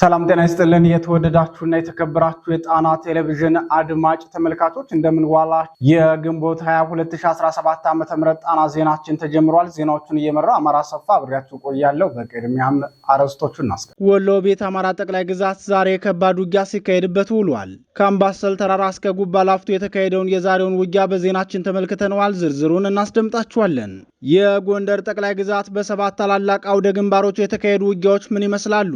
ሰላም ጤና ይስጥልን። የተወደዳችሁና የተከበራችሁ የጣና ቴሌቪዥን አድማጭ ተመልካቾች እንደምንዋላ የግንቦት 22 2017 ዓ ም ጣና ዜናችን ተጀምሯል። ዜናዎቹን እየመራው አማራ ሰፋ አብሬያችሁ ቆያለሁ። በቅድሚያም አርዕስቶቹን እናስቀ ወሎ ቤት አማራ ጠቅላይ ግዛት ዛሬ ከባድ ውጊያ ሲካሄድበት ውሏል። ከአምባሰል ተራራ እስከ ጉባ ላፍቶ የተካሄደውን የዛሬውን ውጊያ በዜናችን ተመልክተነዋል። ዝርዝሩን እናስደምጣችኋለን። የጎንደር ጠቅላይ ግዛት በሰባት ታላላቅ አውደ ግንባሮች የተካሄዱ ውጊያዎች ምን ይመስላሉ?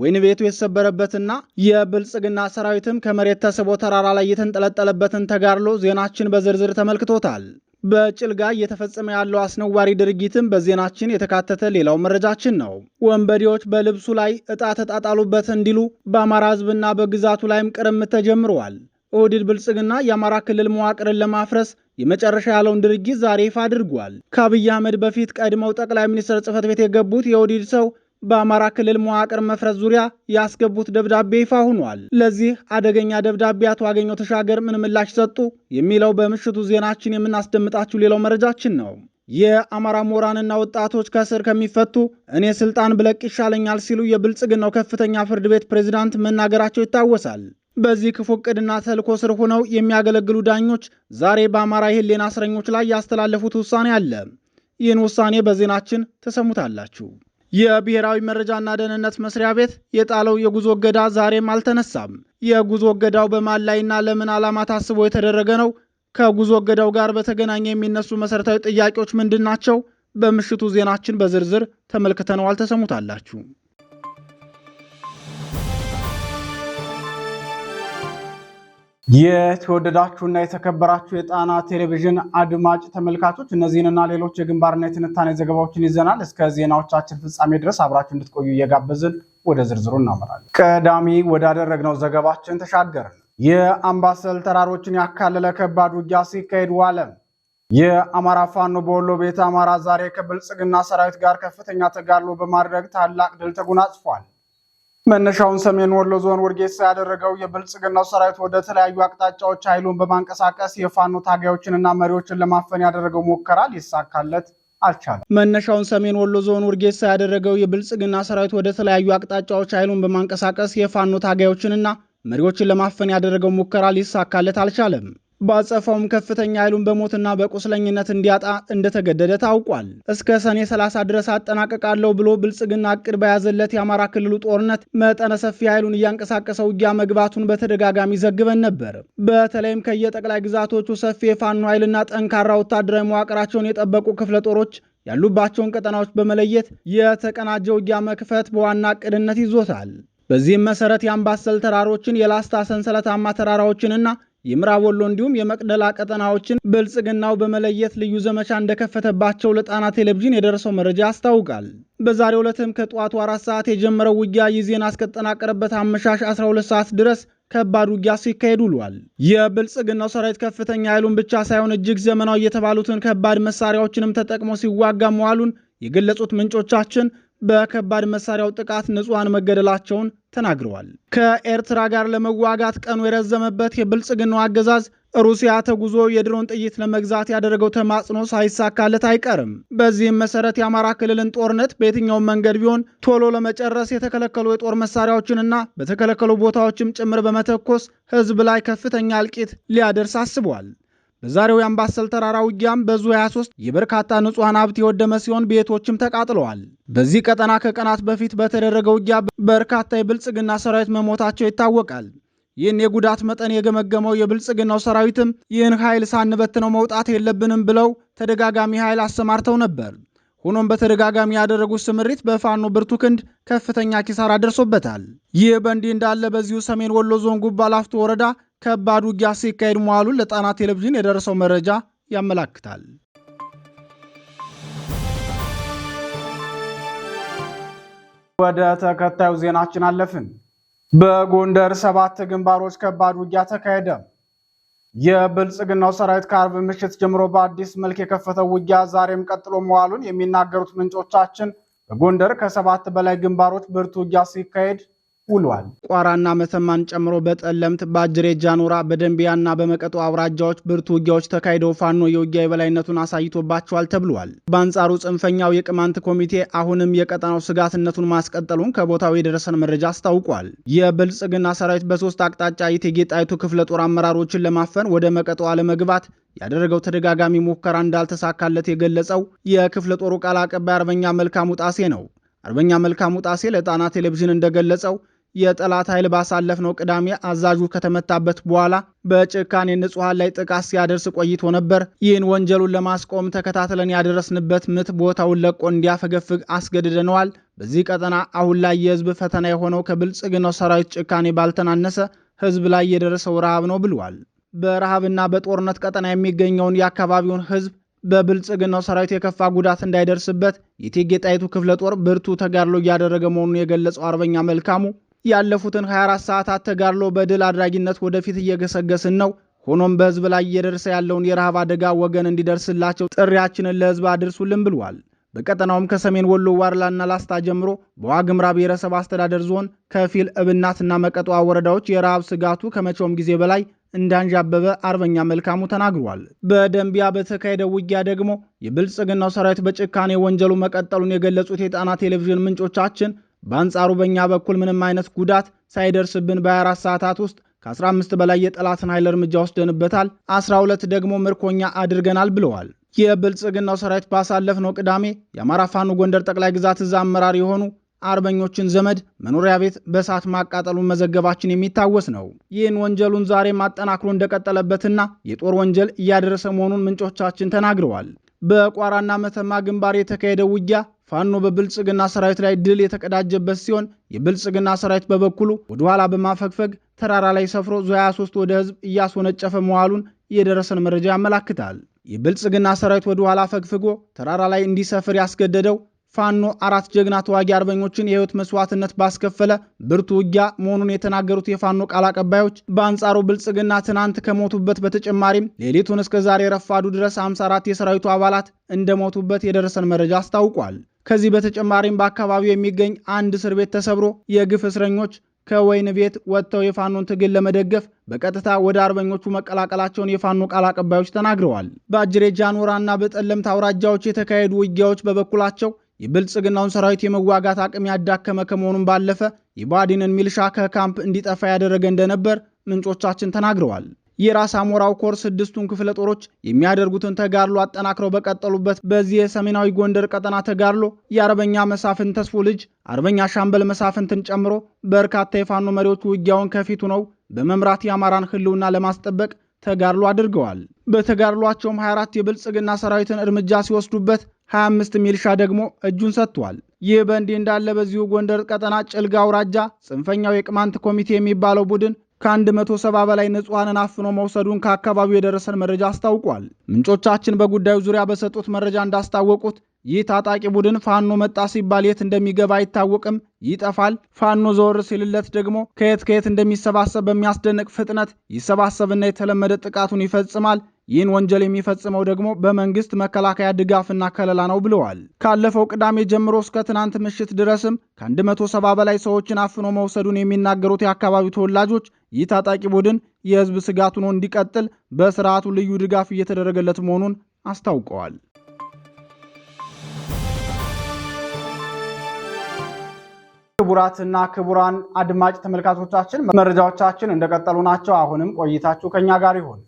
ወይን ቤቱ የተሰበረበትና የብልጽግና ሰራዊትም ከመሬት ተስቦ ተራራ ላይ የተንጠለጠለበትን ተጋድሎ ዜናችን በዝርዝር ተመልክቶታል። በጭልጋ እየተፈጸመ ያለው አስነዋሪ ድርጊትም በዜናችን የተካተተ ሌላው መረጃችን ነው። ወንበዴዎች በልብሱ ላይ ዕጣ ተጣጣሉበት እንዲሉ በአማራ ሕዝብና በግዛቱ ላይም ቅርምት ተጀምረዋል። ኦህዴድ ብልጽግና የአማራ ክልል መዋቅርን ለማፍረስ የመጨረሻ ያለውን ድርጊት ዛሬ ይፋ አድርጓል። ከአብይ አህመድ በፊት ቀድመው ጠቅላይ ሚኒስትር ጽህፈት ቤት የገቡት የኦህዴድ ሰው በአማራ ክልል መዋቅር መፍረስ ዙሪያ ያስገቡት ደብዳቤ ይፋ ሆኗል። ለዚህ አደገኛ ደብዳቤ አቶ አገኘው ተሻገር ምን ምላሽ ሰጡ? የሚለው በምሽቱ ዜናችን የምናስደምጣችሁ ሌላው መረጃችን ነው። የአማራ ምሁራንና ወጣቶች ከእስር ከሚፈቱ እኔ ስልጣን ብለቅ ይሻለኛል ሲሉ የብልጽግናው ከፍተኛ ፍርድ ቤት ፕሬዝዳንት መናገራቸው ይታወሳል። በዚህ ክፉ እቅድና ተልእኮ ስር ሆነው የሚያገለግሉ ዳኞች ዛሬ በአማራ የህሊና እስረኞች ላይ ያስተላለፉት ውሳኔ አለ። ይህን ውሳኔ በዜናችን ተሰሙታላችሁ። የብሔራዊ መረጃና ደህንነት መስሪያ ቤት የጣለው የጉዞ እገዳ ዛሬም አልተነሳም። የጉዞ እገዳው በማን ላይና ለምን ዓላማ ታስቦ የተደረገ ነው? ከጉዞ እገዳው ጋር በተገናኘ የሚነሱ መሰረታዊ ጥያቄዎች ምንድን ናቸው? በምሽቱ ዜናችን በዝርዝር ተመልክተነዋል። ተሰሙታላችሁ። የተወደዳችሁና የተከበራችሁ የጣና ቴሌቪዥን አድማጭ ተመልካቾች እነዚህንና ሌሎች የግንባርና የትንታኔ ዘገባዎችን ይዘናል። እስከ ዜናዎቻችን ፍጻሜ ድረስ አብራችሁ እንድትቆዩ እየጋበዝን ወደ ዝርዝሩ እናመራለን። ቀዳሚ ወዳደረግነው ዘገባችን ተሻገርን። የአምባሰል ተራሮችን ያካለለ ከባድ ውጊያ ሲካሄድ ዋለም። የአማራ ፋኖ በወሎ ቤተ አማራ ዛሬ ከብልጽግና ሰራዊት ጋር ከፍተኛ ተጋድሎ በማድረግ ታላቅ ድል ተጎናጽፏል። መነሻውን ሰሜን ወሎ ዞን ወርጌሳ ያደረገው የብልጽግናው ሰራዊት ወደ ተለያዩ አቅጣጫዎች ኃይሉን በማንቀሳቀስ የፋኖ ታጋዮችንና መሪዎችን ለማፈን ያደረገው ሙከራ ሊሳካለት አልቻለም። መነሻውን ሰሜን ወሎ ዞን ውርጌሳ ያደረገው የብልጽግና ሰራዊት ወደ ተለያዩ አቅጣጫዎች ኃይሉን በማንቀሳቀስ የፋኖ ታጋዮችንና መሪዎችን ለማፈን ያደረገው ሙከራ ሊሳካለት አልቻለም። ባጸፋውም ከፍተኛ ኃይሉን በሞትና በቁስለኝነት እንዲያጣ እንደተገደደ ታውቋል። እስከ ሰኔ 30 ድረስ አጠናቀቃለሁ ብሎ ብልጽግና እቅድ በያዘለት የአማራ ክልሉ ጦርነት መጠነ ሰፊ ኃይሉን እያንቀሳቀሰ ውጊያ መግባቱን በተደጋጋሚ ዘግበን ነበር። በተለይም ከየጠቅላይ ግዛቶቹ ሰፊ የፋኖ ኃይልና ጠንካራ ወታደራዊ መዋቅራቸውን የጠበቁ ክፍለ ጦሮች ያሉባቸውን ቀጠናዎች በመለየት የተቀናጀ ውጊያ መክፈት በዋና እቅድነት ይዞታል። በዚህም መሰረት የአምባሰል ተራሮችን፣ የላስታ ሰንሰለታማ ተራራዎችንና የምዕራብ ወሎ እንዲሁም የመቅደላ ቀጠናዎችን ብልጽግናው በመለየት ልዩ ዘመቻ እንደከፈተባቸው ለጣና ቴሌቪዥን የደረሰው መረጃ ያስታውቃል። በዛሬው ዕለትም ከጠዋቱ አራት ሰዓት የጀመረው ውጊያ ይህ ዜና እስከተጠናቀረበት አመሻሽ 12 ሰዓት ድረስ ከባድ ውጊያ ሲካሄድ ውሏል። የብልጽግናው ሰራዊት ከፍተኛ ኃይሉን ብቻ ሳይሆን እጅግ ዘመናዊ የተባሉትን ከባድ መሳሪያዎችንም ተጠቅሞ ሲዋጋ መዋሉን የገለጹት ምንጮቻችን በከባድ መሳሪያው ጥቃት ንጹሐን መገደላቸውን ተናግረዋል። ከኤርትራ ጋር ለመዋጋት ቀኑ የረዘመበት የብልጽግናው አገዛዝ ሩሲያ ተጉዞ የድሮን ጥይት ለመግዛት ያደረገው ተማጽኖ ሳይሳካለት አይቀርም። በዚህም መሰረት የአማራ ክልልን ጦርነት በየትኛውም መንገድ ቢሆን ቶሎ ለመጨረስ የተከለከሉ የጦር መሳሪያዎችንና በተከለከሉ ቦታዎችም ጭምር በመተኮስ ሕዝብ ላይ ከፍተኛ እልቂት ሊያደርስ አስቧል። በዛሬው የአምባሰል ተራራ ውጊያም በዙ 23 የበርካታ ንጹሐን ሀብት የወደመ ሲሆን ቤቶችም ተቃጥለዋል። በዚህ ቀጠና ከቀናት በፊት በተደረገ ውጊያ በርካታ የብልጽግና ሰራዊት መሞታቸው ይታወቃል። ይህን የጉዳት መጠን የገመገመው የብልጽግናው ሰራዊትም ይህን ኃይል ሳንበትነው መውጣት የለብንም ብለው ተደጋጋሚ ኃይል አሰማርተው ነበር። ሆኖም በተደጋጋሚ ያደረጉት ስምሪት በፋኖ ብርቱ ክንድ ከፍተኛ ኪሳራ ደርሶበታል። ይህ በእንዲህ እንዳለ በዚሁ ሰሜን ወሎ ዞን ጉባ ላፍቶ ወረዳ ከባድ ውጊያ ሲካሄድ መዋሉን ለጣና ቴሌቪዥን የደረሰው መረጃ ያመላክታል። ወደ ተከታዩ ዜናችን አለፍን። በጎንደር ሰባት ግንባሮች ከባድ ውጊያ ተካሄደ። የብልጽግናው ሰራዊት ከአርብ ምሽት ጀምሮ በአዲስ መልክ የከፈተው ውጊያ ዛሬም ቀጥሎ መዋሉን የሚናገሩት ምንጮቻችን በጎንደር ከሰባት በላይ ግንባሮች ብርቱ ውጊያ ሲካሄድ ውሏል። ቋራና መተማን ጨምሮ በጠለምት በአጅሬ ጃኖራ፣ በደንቢያና በመቀጦ አውራጃዎች ብርቱ ውጊያዎች ተካሂደው ፋኖ የውጊያ የበላይነቱን አሳይቶባቸዋል ተብሏል። በአንጻሩ ጽንፈኛው የቅማንት ኮሚቴ አሁንም የቀጠናው ስጋትነቱን ማስቀጠሉን ከቦታው የደረሰን መረጃ አስታውቋል። የብልጽግና ሰራዊት በሶስት አቅጣጫ እቴጌ ጣይቱ ክፍለ ጦር አመራሮችን ለማፈን ወደ መቀጦ አለመግባት ያደረገው ተደጋጋሚ ሙከራ እንዳልተሳካለት የገለጸው የክፍለ ጦሩ ቃል አቀባይ አርበኛ መልካሙ ጣሴ ነው። አርበኛ መልካሙ ጣሴ ለጣና ቴሌቪዥን እንደገለጸው የጠላት ኃይል ባሳለፍነው ቅዳሜ አዛዡ ከተመታበት በኋላ በጭካኔ ንጹሐን ላይ ጥቃት ሲያደርስ ቆይቶ ነበር። ይህን ወንጀሉን ለማስቆም ተከታትለን ያደረስንበት ምት ቦታውን ለቆ እንዲያፈገፍግ አስገድደነዋል። በዚህ ቀጠና አሁን ላይ የህዝብ ፈተና የሆነው ከብልጽግናው ሰራዊት ጭካኔ ባልተናነሰ ህዝብ ላይ የደረሰው ረሃብ ነው ብለዋል። በረሃብና በጦርነት ቀጠና የሚገኘውን የአካባቢውን ህዝብ በብልጽግናው ሰራዊት የከፋ ጉዳት እንዳይደርስበት የእቴጌ ጣይቱ ክፍለ ጦር ብርቱ ተጋድሎ እያደረገ መሆኑን የገለጸው አርበኛ መልካሙ ያለፉትን 24 ሰዓታት ተጋድሎ በድል አድራጊነት ወደፊት እየገሰገስን ነው። ሆኖም በህዝብ ላይ እየደረሰ ያለውን የረሃብ አደጋ ወገን እንዲደርስላቸው ጥሪያችንን ለህዝብ አድርሱልን ብሏል። በቀጠናውም ከሰሜን ወሎ ዋርላና ላስታ ጀምሮ በዋግምራ ብሔረሰብ አስተዳደር ዞን ከፊል እብናትና መቀጧ ወረዳዎች የረሃብ ስጋቱ ከመቼውም ጊዜ በላይ እንዳንዣበበ አርበኛ መልካሙ ተናግሯል። በደንቢያ በተካሄደ ውጊያ ደግሞ የብልጽግናው ሰራዊት በጭካኔ ወንጀሉ መቀጠሉን የገለጹት የጣና ቴሌቪዥን ምንጮቻችን በአንጻሩ በእኛ በኩል ምንም አይነት ጉዳት ሳይደርስብን በ24 ሰዓታት ውስጥ ከ15 በላይ የጠላትን ኃይል እርምጃ ወስደንበታል፣ 12 ደግሞ ምርኮኛ አድርገናል ብለዋል። የብልጽግናው ሰራዊት ባሳለፍነው ቅዳሜ የአማራ ፋኖ ጎንደር ጠቅላይ ግዛት እዝ አመራር የሆኑ አርበኞችን ዘመድ መኖሪያ ቤት በእሳት ማቃጠሉን መዘገባችን የሚታወስ ነው። ይህን ወንጀሉን ዛሬ ማጠናክሮ እንደቀጠለበትና የጦር ወንጀል እያደረሰ መሆኑን ምንጮቻችን ተናግረዋል። በቋራና መተማ ግንባር የተካሄደው ውጊያ ፋኖ በብልጽግና ሰራዊት ላይ ድል የተቀዳጀበት ሲሆን የብልጽግና ሰራዊት በበኩሉ ወደ ኋላ በማፈግፈግ ተራራ ላይ ሰፍሮ ዙ 23 ወደ ህዝብ እያስወነጨፈ መዋሉን የደረሰን መረጃ ያመላክታል። የብልጽግና ሰራዊት ወደኋላ ፈግፍጎ ተራራ ላይ እንዲሰፍር ያስገደደው ፋኖ አራት ጀግና ተዋጊ አርበኞችን የህይወት መስዋዕትነት ባስከፈለ ብርቱ ውጊያ መሆኑን የተናገሩት የፋኖ ቃል አቀባዮች በአንጻሩ ብልጽግና ትናንት ከሞቱበት በተጨማሪም ሌሊቱን እስከ ዛሬ ረፋዱ ድረስ 54 የሰራዊቱ አባላት እንደሞቱበት የደረሰን መረጃ አስታውቋል። ከዚህ በተጨማሪም በአካባቢው የሚገኝ አንድ እስር ቤት ተሰብሮ የግፍ እስረኞች ከወይን ቤት ወጥተው የፋኖን ትግል ለመደገፍ በቀጥታ ወደ አርበኞቹ መቀላቀላቸውን የፋኖ ቃል አቀባዮች ተናግረዋል። በአጅሬ ጃንሆራና በጠለምት አውራጃዎች የተካሄዱ ውጊያዎች በበኩላቸው የብልጽግናውን ሰራዊት የመዋጋት አቅም ያዳከመ ከመሆኑም ባለፈ የባዲንን ሚልሻ ከካምፕ እንዲጠፋ ያደረገ እንደነበር ምንጮቻችን ተናግረዋል። የራስ አሞራው ኮር ስድስቱን ክፍለ ጦሮች የሚያደርጉትን ተጋድሎ አጠናክረው በቀጠሉበት በዚህ የሰሜናዊ ጎንደር ቀጠና ተጋድሎ የአርበኛ መሳፍን ተስፎ ልጅ አርበኛ ሻምበል መሳፍንትን ጨምሮ በርካታ የፋኖ መሪዎች ውጊያውን ከፊቱ ነው በመምራት የአማራን ህልውና ለማስጠበቅ ተጋድሎ አድርገዋል። በተጋድሏቸውም 24 የብልጽግና ሰራዊትን እርምጃ ሲወስዱበት 25 ሚልሻ ደግሞ እጁን ሰጥቷል። ይህ በእንዲህ እንዳለ በዚሁ ጎንደር ቀጠና ጭልጋ አውራጃ ጽንፈኛው የቅማንት ኮሚቴ የሚባለው ቡድን ከአንድ መቶ ሰባ በላይ ንጹሐንን አፍኖ መውሰዱን ከአካባቢው የደረሰን መረጃ አስታውቋል። ምንጮቻችን በጉዳዩ ዙሪያ በሰጡት መረጃ እንዳስታወቁት ይህ ታጣቂ ቡድን ፋኖ መጣ ሲባል የት እንደሚገባ አይታወቅም፣ ይጠፋል። ፋኖ ዘወር ሲልለት ደግሞ ከየት ከየት እንደሚሰባሰብ በሚያስደንቅ ፍጥነት ይሰባሰብና የተለመደ ጥቃቱን ይፈጽማል። ይህን ወንጀል የሚፈጽመው ደግሞ በመንግስት መከላከያ ድጋፍና ከለላ ነው ብለዋል። ካለፈው ቅዳሜ ጀምሮ እስከ ትናንት ምሽት ድረስም ከ170 በላይ ሰዎችን አፍኖ መውሰዱን የሚናገሩት የአካባቢው ተወላጆች ይህ ታጣቂ ቡድን የህዝብ ስጋት ሆኖ እንዲቀጥል በስርዓቱ ልዩ ድጋፍ እየተደረገለት መሆኑን አስታውቀዋል። ክቡራትና ክቡራን አድማጭ ተመልካቾቻችን መረጃዎቻችን እንደቀጠሉ ናቸው። አሁንም ቆይታችሁ ከኛ ጋር ይሁን።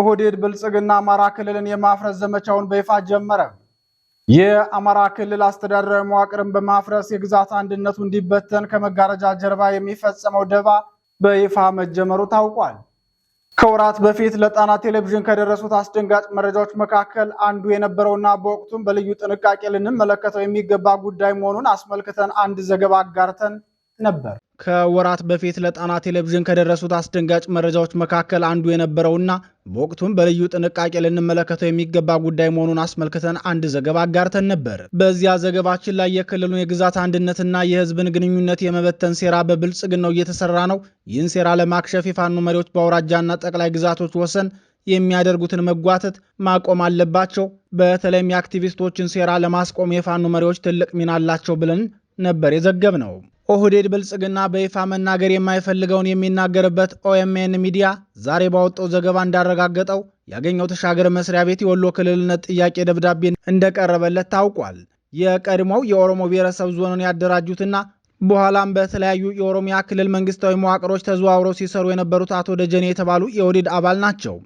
ኦህዴድ ብልጽግና አማራ ክልልን የማፍረስ ዘመቻውን በይፋ ጀመረ። የአማራ ክልል አስተዳደራዊ መዋቅርን በማፍረስ የግዛት አንድነቱ እንዲበተን ከመጋረጃ ጀርባ የሚፈጸመው ደባ በይፋ መጀመሩ ታውቋል። ከወራት በፊት ለጣና ቴሌቪዥን ከደረሱት አስደንጋጭ መረጃዎች መካከል አንዱ የነበረውና በወቅቱም በልዩ ጥንቃቄ ልንመለከተው የሚገባ ጉዳይ መሆኑን አስመልክተን አንድ ዘገባ አጋርተን ነበር። ከወራት በፊት ለጣና ቴሌቪዥን ከደረሱት አስደንጋጭ መረጃዎች መካከል አንዱ የነበረውና በወቅቱም በልዩ ጥንቃቄ ልንመለከተው የሚገባ ጉዳይ መሆኑን አስመልክተን አንድ ዘገባ አጋርተን ነበር። በዚያ ዘገባችን ላይ የክልሉን የግዛት አንድነትና የሕዝብን ግንኙነት የመበተን ሴራ በብልጽግናው እየተሰራ ነው። ይህን ሴራ ለማክሸፍ የፋኖ መሪዎች በአውራጃና ጠቅላይ ግዛቶች ወሰን የሚያደርጉትን መጓተት ማቆም አለባቸው። በተለይም የአክቲቪስቶችን ሴራ ለማስቆም የፋኖ መሪዎች ትልቅ ሚና አላቸው ብለን ነበር የዘገብ ነው። ኦህዴድ ብልጽግና በይፋ መናገር የማይፈልገውን የሚናገርበት ኦኤምኤን ሚዲያ ዛሬ ባወጣው ዘገባ እንዳረጋገጠው ያገኘው ተሻገር መስሪያ ቤት የወሎ ክልልነት ጥያቄ ደብዳቤን እንደቀረበለት ታውቋል። የቀድሞው የኦሮሞ ብሔረሰብ ዞንን ያደራጁትና በኋላም በተለያዩ የኦሮሚያ ክልል መንግስታዊ መዋቅሮች ተዘዋውረው ሲሰሩ የነበሩት አቶ ደጀኔ የተባሉ የኦህዴድ አባል ናቸው።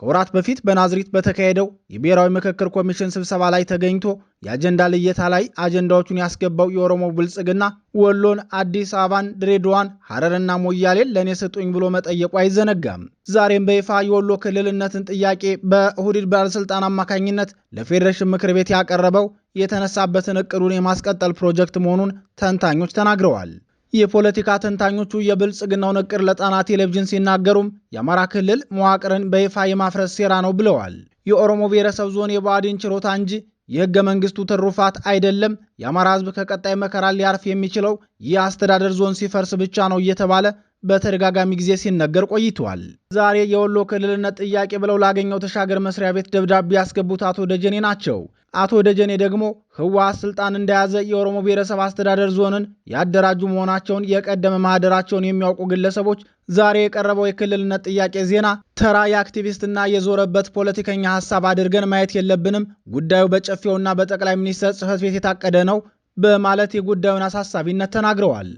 ከወራት በፊት በናዝሪት በተካሄደው የብሔራዊ ምክክር ኮሚሽን ስብሰባ ላይ ተገኝቶ የአጀንዳ ልየታ ላይ አጀንዳዎቹን ያስገባው የኦሮሞ ብልጽግና ወሎን፣ አዲስ አበባን፣ ድሬዳዋን፣ ሐረርና ሞያሌን ለእኔ ስጡኝ ብሎ መጠየቁ አይዘነጋም። ዛሬም በይፋ የወሎ ክልልነትን ጥያቄ በሁዲድ ባለሥልጣን አማካኝነት ለፌዴሬሽን ምክር ቤት ያቀረበው የተነሳበትን እቅዱን የማስቀጠል ፕሮጀክት መሆኑን ተንታኞች ተናግረዋል። የፖለቲካ ተንታኞቹ የብልጽግናውን እቅድ ለጣና ቴሌቪዥን ሲናገሩም የአማራ ክልል መዋቅርን በይፋ የማፍረስ ሴራ ነው ብለዋል። የኦሮሞ ብሔረሰብ ዞን የብአዴን ችሮታ እንጂ የህገ መንግስቱ ትሩፋት አይደለም። የአማራ ህዝብ ከቀጣይ መከራ ሊያርፍ የሚችለው ይህ አስተዳደር ዞን ሲፈርስ ብቻ ነው እየተባለ በተደጋጋሚ ጊዜ ሲነገር ቆይቷል። ዛሬ የወሎ ክልልነት ጥያቄ ብለው ላገኘው ተሻገር መስሪያ ቤት ደብዳቤ ያስገቡት አቶ ደጀኔ ናቸው። አቶ ደጀኔ ደግሞ ህወሓት ስልጣን እንደያዘ የኦሮሞ ብሔረሰብ አስተዳደር ዞንን ያደራጁ መሆናቸውን የቀደመ ማህደራቸውን የሚያውቁ ግለሰቦች ዛሬ የቀረበው የክልልነት ጥያቄ ዜና ተራ የአክቲቪስትና የዞረበት ፖለቲከኛ ሀሳብ አድርገን ማየት የለብንም፣ ጉዳዩ በጨፌውና በጠቅላይ ሚኒስትር ጽህፈት ቤት የታቀደ ነው በማለት የጉዳዩን አሳሳቢነት ተናግረዋል።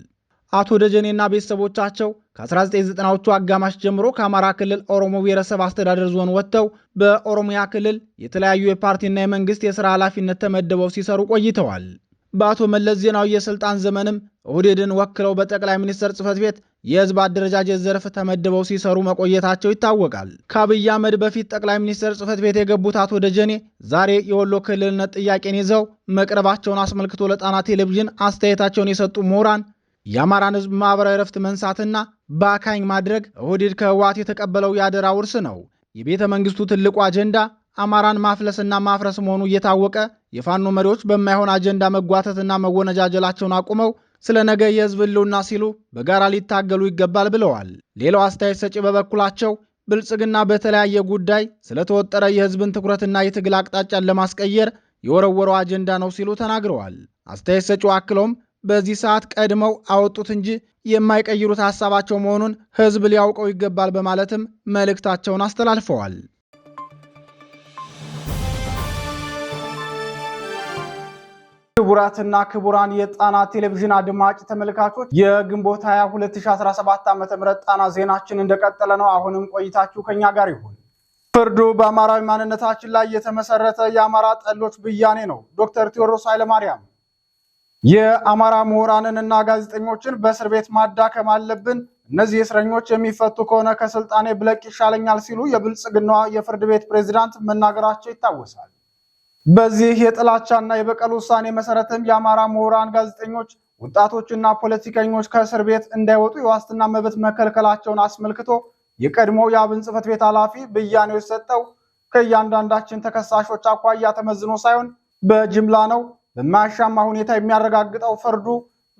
አቶ ደጀኔና ቤተሰቦቻቸው ከ1990ዎቹ አጋማሽ ጀምሮ ከአማራ ክልል ኦሮሞ ብሔረሰብ አስተዳደር ዞን ወጥተው በኦሮሚያ ክልል የተለያዩ የፓርቲና የመንግስት የሥራ ኃላፊነት ተመድበው ሲሰሩ ቆይተዋል። በአቶ መለስ ዜናዊ የሥልጣን ዘመንም ኦህዴድን ወክለው በጠቅላይ ሚኒስትር ጽህፈት ቤት የህዝብ አደረጃጀት ዘርፍ ተመድበው ሲሰሩ መቆየታቸው ይታወቃል። ከአብይ አህመድ በፊት ጠቅላይ ሚኒስትር ጽህፈት ቤት የገቡት አቶ ደጀኔ ዛሬ የወሎ ክልልነት ጥያቄን ይዘው መቅረባቸውን አስመልክቶ ለጣና ቴሌቪዥን አስተያየታቸውን የሰጡ ምሁራን የአማራን ህዝብ ማኅበራዊ ረፍት መንሳትና በአካኝ ማድረግ ኦህዴድ ከህወሓት የተቀበለው የአደራ ውርስ ነው። የቤተ መንግስቱ ትልቁ አጀንዳ አማራን ማፍለስና ማፍረስ መሆኑ እየታወቀ የፋኖ መሪዎች በማይሆን አጀንዳ መጓተትና መወነጃጀላቸውን አቁመው ስለ ነገ የህዝብ ህልውና ሲሉ በጋራ ሊታገሉ ይገባል ብለዋል። ሌላው አስተያየት ሰጪ በበኩላቸው ብልጽግና በተለያየ ጉዳይ ስለተወጠረ የህዝብን ትኩረትና የትግል አቅጣጫን ለማስቀየር የወረወረው አጀንዳ ነው ሲሉ ተናግረዋል። አስተያየት ሰጪው አክለውም በዚህ ሰዓት ቀድመው አወጡት እንጂ የማይቀይሩት ሀሳባቸው መሆኑን ህዝብ ሊያውቀው ይገባል በማለትም መልእክታቸውን አስተላልፈዋል። ክቡራትና ክቡራን የጣና ቴሌቪዥን አድማጭ ተመልካቾች የግንቦት 22 2017 ዓ ም ጣና ዜናችን እንደቀጠለ ነው። አሁንም ቆይታችሁ ከኛ ጋር ይሁን። ፍርዱ በአማራዊ ማንነታችን ላይ የተመሰረተ የአማራ ጠሎች ብያኔ ነው። ዶክተር ቴዎድሮስ ኃይለማርያም የአማራ ምሁራንንና ጋዜጠኞችን በእስር ቤት ማዳከም አለብን፣ እነዚህ እስረኞች የሚፈቱ ከሆነ ከስልጣኔ ብለቅ ይሻለኛል ሲሉ የብልጽግናዋ የፍርድ ቤት ፕሬዝዳንት መናገራቸው ይታወሳል። በዚህ የጥላቻና የበቀል ውሳኔ መሰረትም የአማራ ምሁራን፣ ጋዜጠኞች፣ ወጣቶችና ፖለቲከኞች ከእስር ቤት እንዳይወጡ የዋስትና መብት መከልከላቸውን አስመልክቶ የቀድሞ የአብን ጽህፈት ቤት ኃላፊ ብያኔ ሰጠው። ከእያንዳንዳችን ተከሳሾች አኳያ ተመዝኖ ሳይሆን በጅምላ ነው በማያሻማ ሁኔታ የሚያረጋግጠው ፍርዱ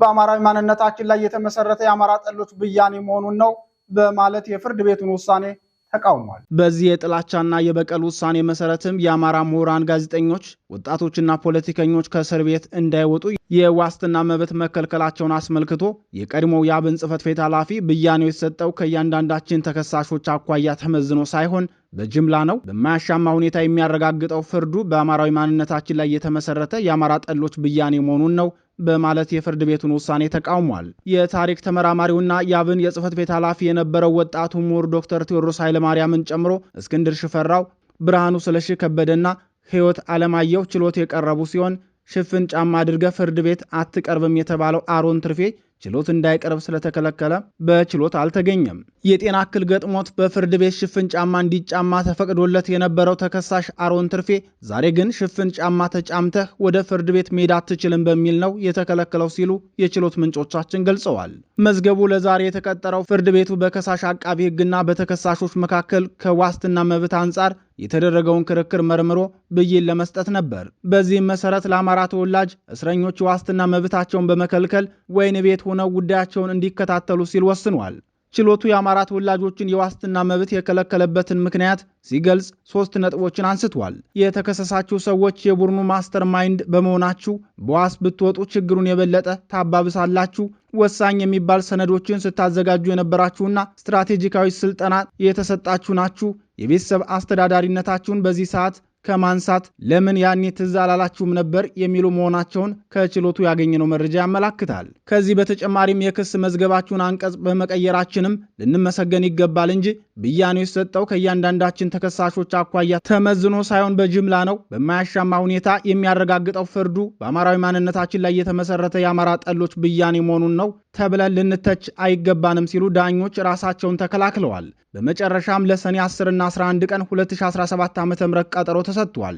በአማራዊ ማንነታችን ላይ የተመሰረተ የአማራ ጠሎች ብያኔ መሆኑን ነው በማለት የፍርድ ቤቱን ውሳኔ ተቃውሟል። በዚህ የጥላቻና የበቀል ውሳኔ መሰረትም የአማራ ምሁራን፣ ጋዜጠኞች፣ ወጣቶችና ፖለቲከኞች ከእስር ቤት እንዳይወጡ የዋስትና መብት መከልከላቸውን አስመልክቶ የቀድሞው የአብን ጽህፈት ቤት ኃላፊ ብያኔው የተሰጠው ከእያንዳንዳችን ተከሳሾች አኳያ ተመዝኖ ሳይሆን በጅምላ ነው። በማያሻማ ሁኔታ የሚያረጋግጠው ፍርዱ በአማራዊ ማንነታችን ላይ የተመሰረተ የአማራ ጠሎች ብያኔ መሆኑን ነው በማለት የፍርድ ቤቱን ውሳኔ ተቃውሟል። የታሪክ ተመራማሪውና የአብን የጽህፈት ቤት ኃላፊ የነበረው ወጣቱ ምሁር ዶክተር ቴዎድሮስ ኃይለማርያምን ጨምሮ እስክንድር ሽፈራው፣ ብርሃኑ ስለሺ ከበደና ህይወት አለማየሁ ችሎት የቀረቡ ሲሆን ሽፍን ጫማ አድርገ ፍርድ ቤት አትቀርብም የተባለው አሮን ትርፌ ችሎት እንዳይቀርብ ስለተከለከለ በችሎት አልተገኘም። የጤና እክል ገጥሞት በፍርድ ቤት ሽፍን ጫማ እንዲጫማ ተፈቅዶለት የነበረው ተከሳሽ አሮን ትርፌ ዛሬ ግን ሽፍን ጫማ ተጫምተህ ወደ ፍርድ ቤት መሄድ አትችልም በሚል ነው የተከለከለው ሲሉ የችሎት ምንጮቻችን ገልጸዋል። መዝገቡ ለዛሬ የተቀጠረው ፍርድ ቤቱ በከሳሽ አቃቢ ሕግና በተከሳሾች መካከል ከዋስትና መብት አንጻር የተደረገውን ክርክር መርምሮ ብይን ለመስጠት ነበር። በዚህም መሰረት ለአማራ ተወላጅ እስረኞች ዋስትና መብታቸውን በመከልከል ወይን ቤት ሆነው ጉዳያቸውን እንዲከታተሉ ሲል ወስኗል። ችሎቱ የአማራ ተወላጆችን የዋስትና መብት የከለከለበትን ምክንያት ሲገልጽ ሶስት ነጥቦችን አንስቷል። የተከሰሳችሁ ሰዎች የቡድኑ ማስተር ማይንድ በመሆናችሁ በዋስ ብትወጡ ችግሩን የበለጠ ታባብሳላችሁ። ወሳኝ የሚባል ሰነዶችን ስታዘጋጁ የነበራችሁና ስትራቴጂካዊ ስልጠና የተሰጣችሁ ናችሁ። የቤተሰብ አስተዳዳሪነታችሁን በዚህ ሰዓት ከማንሳት ለምን ያኔ ትዝ አላላችሁም ነበር የሚሉ መሆናቸውን ከችሎቱ ያገኘነው መረጃ ያመላክታል። ከዚህ በተጨማሪም የክስ መዝገባችሁን አንቀጽ በመቀየራችንም ልንመሰገን ይገባል እንጂ ብያኔው ሰጠው ከእያንዳንዳችን ተከሳሾች አኳያ ተመዝኖ ሳይሆን በጅምላ ነው። በማያሻማ ሁኔታ የሚያረጋግጠው ፍርዱ በአማራዊ ማንነታችን ላይ የተመሰረተ የአማራ ጠሎች ብያኔ መሆኑን ነው ተብለን ልንተች አይገባንም ሲሉ ዳኞች ራሳቸውን ተከላክለዋል። በመጨረሻም ለሰኔ 10 እና 11 ቀን 2017 ዓ ም ቀጠሮ ተሰጥቷል።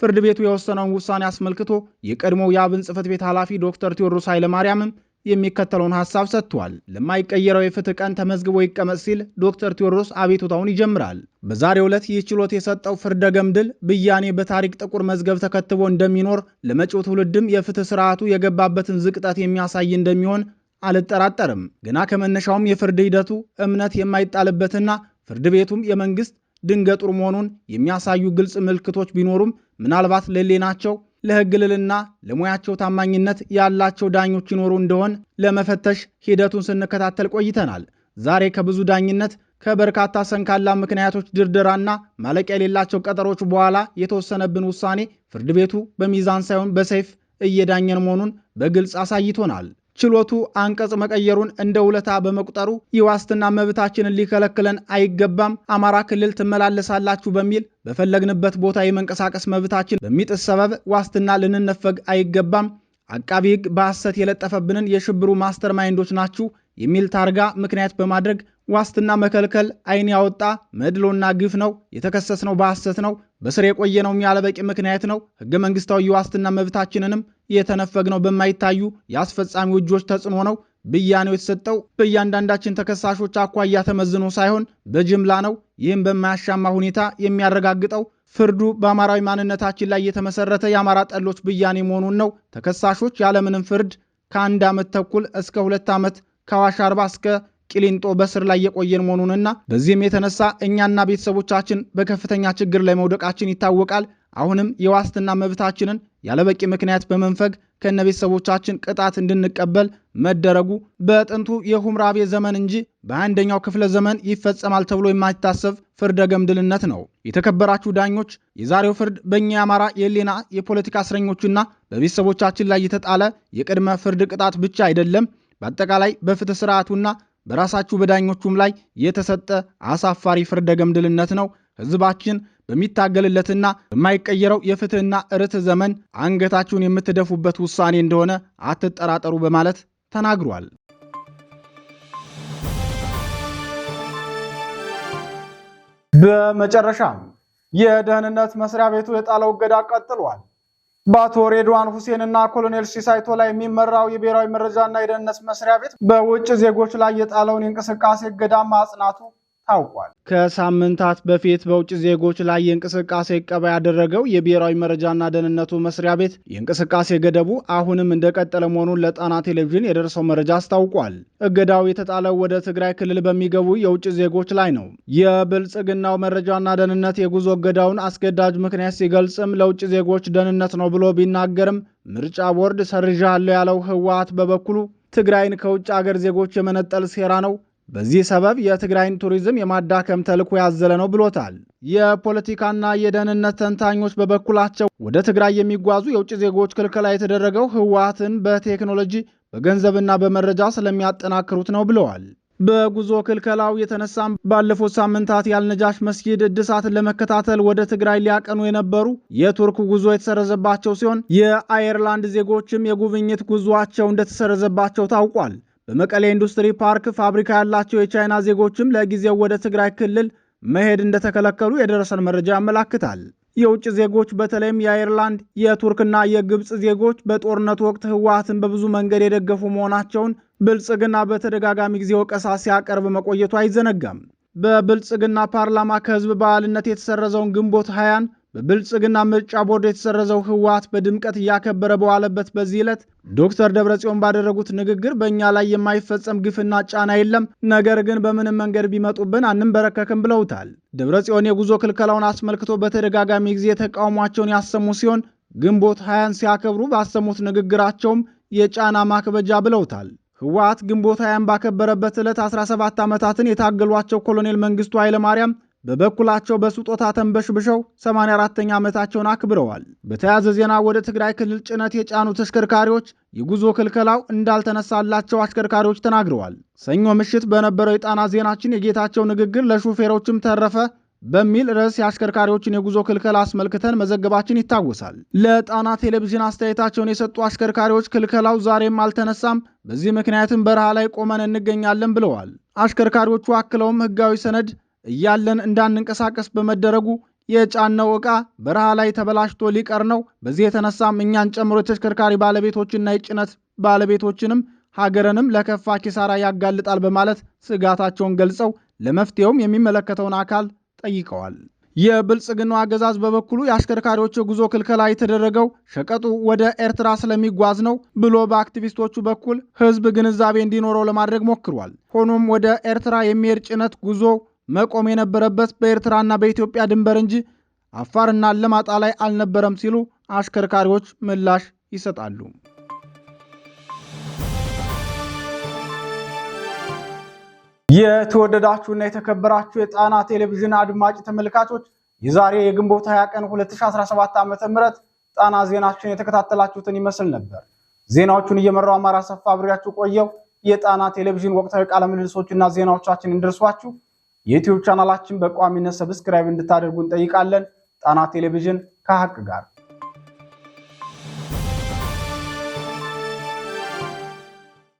ፍርድ ቤቱ የወሰነውን ውሳኔ አስመልክቶ የቀድሞው የአብን ጽህፈት ቤት ኃላፊ ዶክተር ቴዎድሮስ ኃይለማርያምም የሚከተለውን ሀሳብ ሰጥቷል። ለማይቀየረው የፍትህ ቀን ተመዝግቦ ይቀመጥ ሲል ዶክተር ቴዎድሮስ አቤቱታውን ይጀምራል። በዛሬው ዕለት ይህ ችሎት የሰጠው ፍርደ ገምድል ብያኔ በታሪክ ጥቁር መዝገብ ተከትቦ እንደሚኖር ለመጪው ትውልድም የፍትህ ስርዓቱ የገባበትን ዝቅጠት የሚያሳይ እንደሚሆን አልጠራጠርም። ገና ከመነሻውም የፍርድ ሂደቱ እምነት የማይጣልበትና ፍርድ ቤቱም የመንግስት ድንገጡር መሆኑን የሚያሳዩ ግልጽ ምልክቶች ቢኖሩም ምናልባት ለሌናቸው ለህግልልና ልዕልና ለሙያቸው ታማኝነት ያላቸው ዳኞች ይኖሩ እንደሆን ለመፈተሽ ሂደቱን ስንከታተል ቆይተናል። ዛሬ ከብዙ ዳኝነት ከበርካታ ሰንካላ ምክንያቶች ድርድራና ማለቂያ የሌላቸው ቀጠሮች በኋላ የተወሰነብን ውሳኔ ፍርድ ቤቱ በሚዛን ሳይሆን በሰይፍ እየዳኘን መሆኑን በግልጽ አሳይቶናል። ችሎቱ አንቀጽ መቀየሩን እንደ ውለታ በመቁጠሩ የዋስትና መብታችንን ሊከለክለን አይገባም፣ አማራ ክልል ትመላለሳላችሁ በሚል በፈለግንበት ቦታ የመንቀሳቀስ መብታችን በሚጥስ ሰበብ ዋስትና ልንነፈግ አይገባም። አቃቢ ሕግ በሐሰት የለጠፈብንን የሽብሩ ማስተር ማይንዶች ናችሁ የሚል ታርጋ ምክንያት በማድረግ ዋስትና መከልከል አይን ያወጣ መድሎና ግፍ ነው። የተከሰስነው በሐሰት ነው። በስር የቆየነውም ያለበቂ ምክንያት ነው። ህገ መንግስታዊ የዋስትና መብታችንንም የተነፈግነው በማይታዩ የአስፈጻሚ እጆች ተጽዕኖ ነው። ብያኔው የተሰጠው በእያንዳንዳችን ተከሳሾች አኳያ ተመዝኖ ሳይሆን በጅምላ ነው። ይህም በማያሻማ ሁኔታ የሚያረጋግጠው ፍርዱ በአማራዊ ማንነታችን ላይ የተመሰረተ የአማራ ጠሎች ብያኔ መሆኑን ነው። ተከሳሾች ያለምንም ፍርድ ከአንድ ዓመት ተኩል እስከ ሁለት ዓመት ከአዋሽ አርባ እስከ ቂሊንጦ በስር ላይ የቆየን መሆኑንና በዚህም የተነሳ እኛና ቤተሰቦቻችን በከፍተኛ ችግር ላይ መውደቃችን ይታወቃል። አሁንም የዋስትና መብታችንን ያለበቂ ምክንያት በመንፈግ ከነ ቤተሰቦቻችን ቅጣት እንድንቀበል መደረጉ በጥንቱ የሁምራቤ ዘመን እንጂ በአንደኛው ክፍለ ዘመን ይፈጸማል ተብሎ የማይታሰብ ፍርደ ገምድልነት ነው። የተከበራችሁ ዳኞች፣ የዛሬው ፍርድ በእኛ የአማራ የሌና የፖለቲካ እስረኞችና በቤተሰቦቻችን ላይ የተጣለ የቅድመ ፍርድ ቅጣት ብቻ አይደለም። በአጠቃላይ በፍትህ ስርዓቱና በራሳችሁ በዳኞቹም ላይ የተሰጠ አሳፋሪ ፍርደ ገምድልነት ነው። ህዝባችን በሚታገልለትና በማይቀየረው የፍትህና ርትዕ ዘመን አንገታችሁን የምትደፉበት ውሳኔ እንደሆነ አትጠራጠሩ በማለት ተናግሯል። በመጨረሻም የደህንነት መስሪያ ቤቱ የጣለው እገዳ ቀጥሏል። በአቶ ሬድዋን ሁሴን እና ኮሎኔል ሲሳይቶ ላይ የሚመራው የብሔራዊ መረጃና የደህንነት መስሪያ ቤት በውጭ ዜጎች ላይ የጣለውን የእንቅስቃሴ እገዳ ማጽናቱ ታውቋል። ከሳምንታት በፊት በውጭ ዜጎች ላይ የእንቅስቃሴ እቀባ ያደረገው የብሔራዊ መረጃና ደህንነቱ መስሪያ ቤት የእንቅስቃሴ ገደቡ አሁንም እንደቀጠለ መሆኑን ለጣና ቴሌቪዥን የደረሰው መረጃ አስታውቋል። እገዳው የተጣለው ወደ ትግራይ ክልል በሚገቡ የውጭ ዜጎች ላይ ነው። የብልጽግናው መረጃና ደህንነት የጉዞ እገዳውን አስገዳጅ ምክንያት ሲገልጽም ለውጭ ዜጎች ደህንነት ነው ብሎ ቢናገርም ምርጫ ቦርድ ሰርዣለሁ ያለው ህወሓት በበኩሉ ትግራይን ከውጭ አገር ዜጎች የመነጠል ሴራ ነው በዚህ ሰበብ የትግራይን ቱሪዝም የማዳከም ተልዕኮ ያዘለ ነው ብሎታል። የፖለቲካና የደህንነት ተንታኞች በበኩላቸው ወደ ትግራይ የሚጓዙ የውጭ ዜጎች ክልከላ የተደረገው ህወሓትን በቴክኖሎጂ በገንዘብና በመረጃ ስለሚያጠናክሩት ነው ብለዋል። በጉዞ ክልከላው የተነሳም ባለፉት ሳምንታት ያልነጃሽ መስጊድ እድሳትን ለመከታተል ወደ ትግራይ ሊያቀኑ የነበሩ የቱርክ ጉዞ የተሰረዘባቸው ሲሆን የአየርላንድ ዜጎችም የጉብኝት ጉዟቸው እንደተሰረዘባቸው ታውቋል። በመቀሌ ኢንዱስትሪ ፓርክ ፋብሪካ ያላቸው የቻይና ዜጎችም ለጊዜው ወደ ትግራይ ክልል መሄድ እንደተከለከሉ የደረሰን መረጃ ያመላክታል። የውጭ ዜጎች በተለይም የአይርላንድ የቱርክና የግብፅ ዜጎች በጦርነቱ ወቅት ህወሓትን በብዙ መንገድ የደገፉ መሆናቸውን ብልጽግና በተደጋጋሚ ጊዜ ወቀሳ ሲያቀርብ መቆየቱ አይዘነጋም። በብልጽግና ፓርላማ ከህዝብ በዓልነት የተሰረዘውን ግንቦት ሀያን በብልጽግና ምርጫ ቦርድ የተሰረዘው ህወሓት በድምቀት እያከበረ በዋለበት በዚህ ዕለት ዶክተር ደብረጽዮን ባደረጉት ንግግር በእኛ ላይ የማይፈጸም ግፍና ጫና የለም፣ ነገር ግን በምንም መንገድ ቢመጡብን አንንበረከክም ብለውታል። ደብረጽዮን የጉዞ ክልከላውን አስመልክቶ በተደጋጋሚ ጊዜ ተቃውሟቸውን ያሰሙ ሲሆን ግንቦት ሀያን ሲያከብሩ ባሰሙት ንግግራቸውም የጫና ማክበጃ ብለውታል። ህወሓት ግንቦት ሀያን ባከበረበት ዕለት 17 ዓመታትን የታገሏቸው ኮሎኔል መንግስቱ ኃይለማርያም በበኩላቸው በስጦታ ተንበሽብሸው 84ኛ ዓመታቸውን አክብረዋል። በተያያዘ ዜና ወደ ትግራይ ክልል ጭነት የጫኑ ተሽከርካሪዎች የጉዞ ክልከላው እንዳልተነሳላቸው አሽከርካሪዎች ተናግረዋል። ሰኞ ምሽት በነበረው የጣና ዜናችን የጌታቸው ንግግር ለሹፌሮችም ተረፈ በሚል ርዕስ የአሽከርካሪዎችን የጉዞ ክልከላ አስመልክተን መዘገባችን ይታወሳል። ለጣና ቴሌቪዥን አስተያየታቸውን የሰጡ አሽከርካሪዎች ክልከላው ዛሬም አልተነሳም፣ በዚህ ምክንያትም በረሃ ላይ ቆመን እንገኛለን ብለዋል። አሽከርካሪዎቹ አክለውም ህጋዊ ሰነድ እያለን እንዳንንቀሳቀስ በመደረጉ የጫነው ዕቃ በረሃ ላይ ተበላሽቶ ሊቀር ነው። በዚህ የተነሳም እኛን ጨምሮ የተሽከርካሪ ባለቤቶችና የጭነት ባለቤቶችንም ሀገርንም ለከፋ ኪሳራ ያጋልጣል በማለት ስጋታቸውን ገልጸው ለመፍትሄውም የሚመለከተውን አካል ጠይቀዋል። የብልጽግናው አገዛዝ በበኩሉ የአሽከርካሪዎች የጉዞ ክልከላ የተደረገው ሸቀጡ ወደ ኤርትራ ስለሚጓዝ ነው ብሎ በአክቲቪስቶቹ በኩል ሕዝብ ግንዛቤ እንዲኖረው ለማድረግ ሞክሯል። ሆኖም ወደ ኤርትራ የሚሄድ ጭነት ጉዞ መቆም የነበረበት በኤርትራና በኢትዮጵያ ድንበር እንጂ አፋርና ለማጣ ላይ አልነበረም ሲሉ አሽከርካሪዎች ምላሽ ይሰጣሉ። የተወደዳችሁና የተከበራችሁ የጣና ቴሌቪዥን አድማጭ ተመልካቾች የዛሬ የግንቦት 20 ቀን 2017 ዓ.ም ጣና ዜናችን የተከታተላችሁትን ይመስል ነበር። ዜናዎቹን እየመራው አማራ ሰፋ አብሬያችሁ ቆየው። የጣና ቴሌቪዥን ወቅታዊ ቃለ ምልልሶችና ዜናዎቻችን እንደርሷችሁ የዩቲዩብ ቻናላችን በቋሚነት ሰብስክራይብ እንድታደርጉ እንጠይቃለን። ጣና ቴሌቪዥን ከሀቅ ጋር